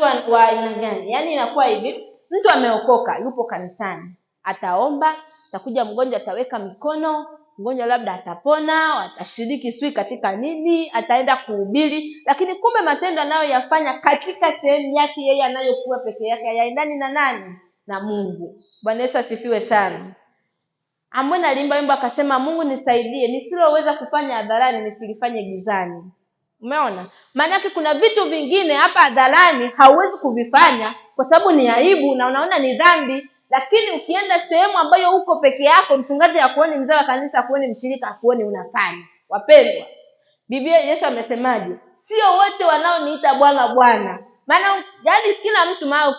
watu wa aina gani? Yaani inakuwa hivi, mtu ameokoka, yupo kanisani, ataomba, atakuja mgonjwa, ataweka mikono mgonjwa labda atapona, atashiriki sui katika nini, ataenda kuhubiri, lakini kumbe matendo anayoyafanya katika sehemu yake yeye anayokuwa peke yake hayaendani na nani? Na Mungu. Bwana Yesu asifiwe sana. Ambwene aliimba wimbo akasema, Mungu nisaidie, nisiloweza kufanya hadharani nisilifanye gizani. Umeona? yake kuna vitu vingine hapa hadharani hauwezi kuvifanya kwa sababu ni aibu na unaona ni dhambi, lakini ukienda sehemu ambayo uko peke yako, mchungaji akuoni mzee wa kanisa akuoni mshirika akuoni unafanya. Wapendwa, Biblia Yesu amesemaje? Sio wote wanaoniita Bwana Bwana, maana yaani kila mtu mao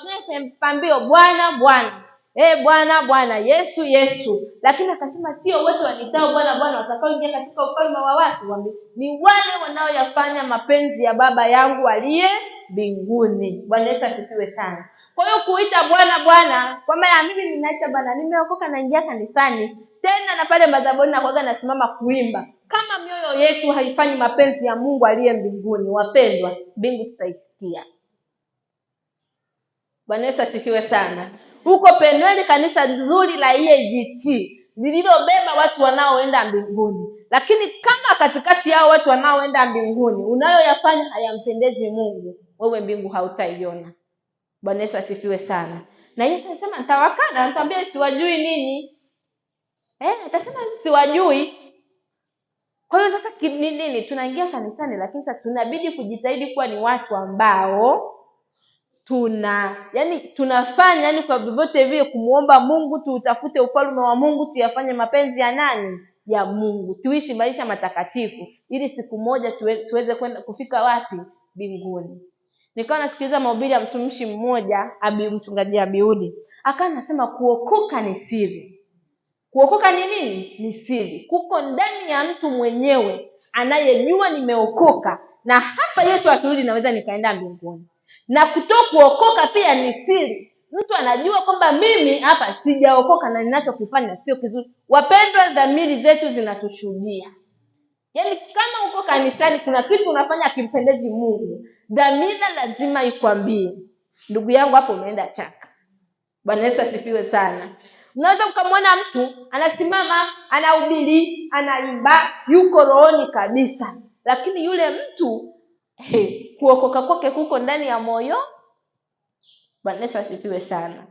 pambio Bwana Bwana e, Bwana Bwana, Yesu Yesu. Lakini akasema sio wote wanitao Bwana Bwana watakaoingia katika ufalme wa watu, ni wale wanaoyafanya mapenzi ya Baba yangu aliye mbinguni. Bwana Yesu asifiwe sana. Kwa hiyo kuita Bwana Bwana, kwamba ya mimi ninaita Bwana, nimeokoka naingia kanisani tena na pale madhabahuni na nasimama kuimba, kama mioyo yetu haifanyi mapenzi ya Mungu aliye mbinguni, wapendwa, mbingu tutaisikia. Bwana Yesu asifiwe sana. Huko Penueli, kanisa nzuri la EAGT lililobeba watu wanaoenda mbinguni, lakini kama katikati yao watu wanaoenda mbinguni unayoyafanya hayampendezi Mungu, wewe mbingu hautaiona. Bwana Yesu asifiwe sana. Na Yesu anasema nitawakana, anatwambia siwajui nini. Eh, atasema siwajui. Kwa hiyo sasa nini? Tunaingia kanisani, lakini sasa tunabidi kujitahidi kuwa ni watu ambao tuna yani tunafanya yani kwa vyovyote vile kumwomba Mungu, tuutafute ufalme wa Mungu, tuyafanye mapenzi ya nani? Ya Mungu, tuishi maisha matakatifu ili siku moja tuwe, tuweze kwenda kufika wapi? Mbinguni. Nikawa nasikiliza mahubiri ya mtumishi mmoja abi, mchungaji Abiudi akawa anasema kuokoka ni siri. Kuokoka ni nini? Ni siri, kuko ndani ya mtu mwenyewe anayejua nimeokoka, na hapa Yesu akirudi naweza nikaenda mbinguni na kutokuokoka pia ni siri. Mtu anajua kwamba mimi hapa sijaokoka na ninachokifanya sio kizuri. Wapendwa, dhamiri zetu zinatushuhudia. Yaani kama uko kanisani kuna kitu unafanya akimpendezi Mungu, dhamira lazima ikwambie, ndugu yangu, hapo umeenda chaka. Bwana Yesu asifiwe sana. Unaweza ukamwona mtu anasimama, anaubili anaimba, yuko rohoni kabisa, lakini yule mtu hey, kuokoka kwake kuko ndani ya moyo. Bwana Yesu asifiwe sana.